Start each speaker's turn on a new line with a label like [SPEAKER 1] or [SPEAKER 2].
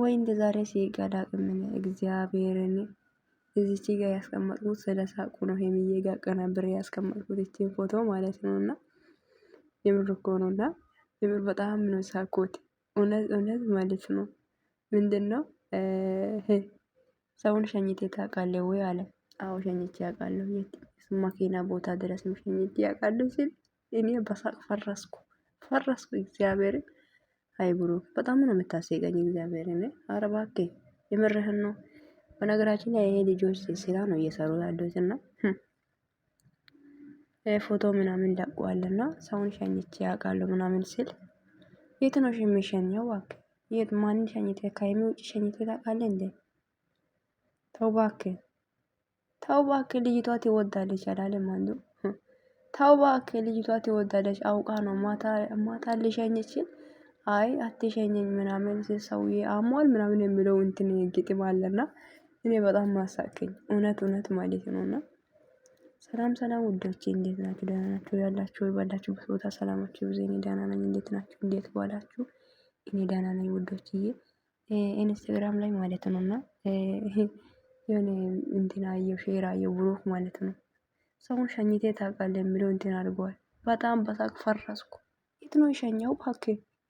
[SPEAKER 1] ወይ እንደ ዛሬ ሲቀድ አቅምን እግዚአብሔርን እዚች ጋር ያስቀመጥኩት ስለ ሳቁ ነው። ሄምዬ ጋር ቀናብሬ ያስቀመጥኩት ይችን ፎቶ ማለት ነው። እና የምር እኮ ነው። እና የምር በጣም ነው ሳቁት። እውነት እውነት ማለት ነው። ምንድን ነው ሰውን ሸኝቴ ታውቃለህ ወይ አለ።
[SPEAKER 2] አዎ ሸኝቼ ያውቃለሁ። የት
[SPEAKER 1] መኪና ቦታ ድረስ ነው ሸኝቼ ያውቃለሁ ሲል እኔ በሳቅ ፈረስኩ ፈረስኩ እግዚአብሔርን አይ ብሩክ በጣም ነው የምታስቀኝ። እግዚአብሔር እኔ ኧረ የምርህን ነው። በነገራችን ላይ ይሄ ልጆች ስራ ነው እየሰሩ ያሉት እና ፎቶ ምናምን እና ሰውን ሸኝቼ ያውቃለሁ ምናምን ስል የት ነው የሚሸኘው? ዋክ የት ማንን ሸኝት? ከሀይሚ ውጭ ሸኝት ታውቃለህ እንዴ? ተው እባክህ ተው እባክህ ልጅቷ ትወዳለች አላለም አንዱ። ተው እባክህ ልጅቷ ትወዳለች አውቃ ነው ማታ ማታ ልሸኝችል አይ አትሸኘኝ ምናምን ሰውዬ አሟል ምናምን የሚለው እንትን ግጥም አለና እኔ በጣም ማሳቀኝ እውነት እውነት ማለት ነውና። ሰላም ሰላም ውዶቼ እንዴት ናችሁ ደህና ናችሁ ያላችሁ ወይ ባላችሁበት ቦታ ሰላማችሁ ብዙ እኔ ደህና ነኝ። እንዴት ናችሁ እንዴት ባላችሁ? እኔ ደህና ነኝ ውዶችዬ። ኢንስታግራም ላይ ማለት ነውና የሆነ እንትን አየው ሼር አየሁ ብሩክ ማለት ነው ሰውን ሸኝቴ ታውቃለህ የሚለው እንትን አድርገዋል በጣም በሳቅ ፈረስኩ። የት ነው የሸኘው እባክህ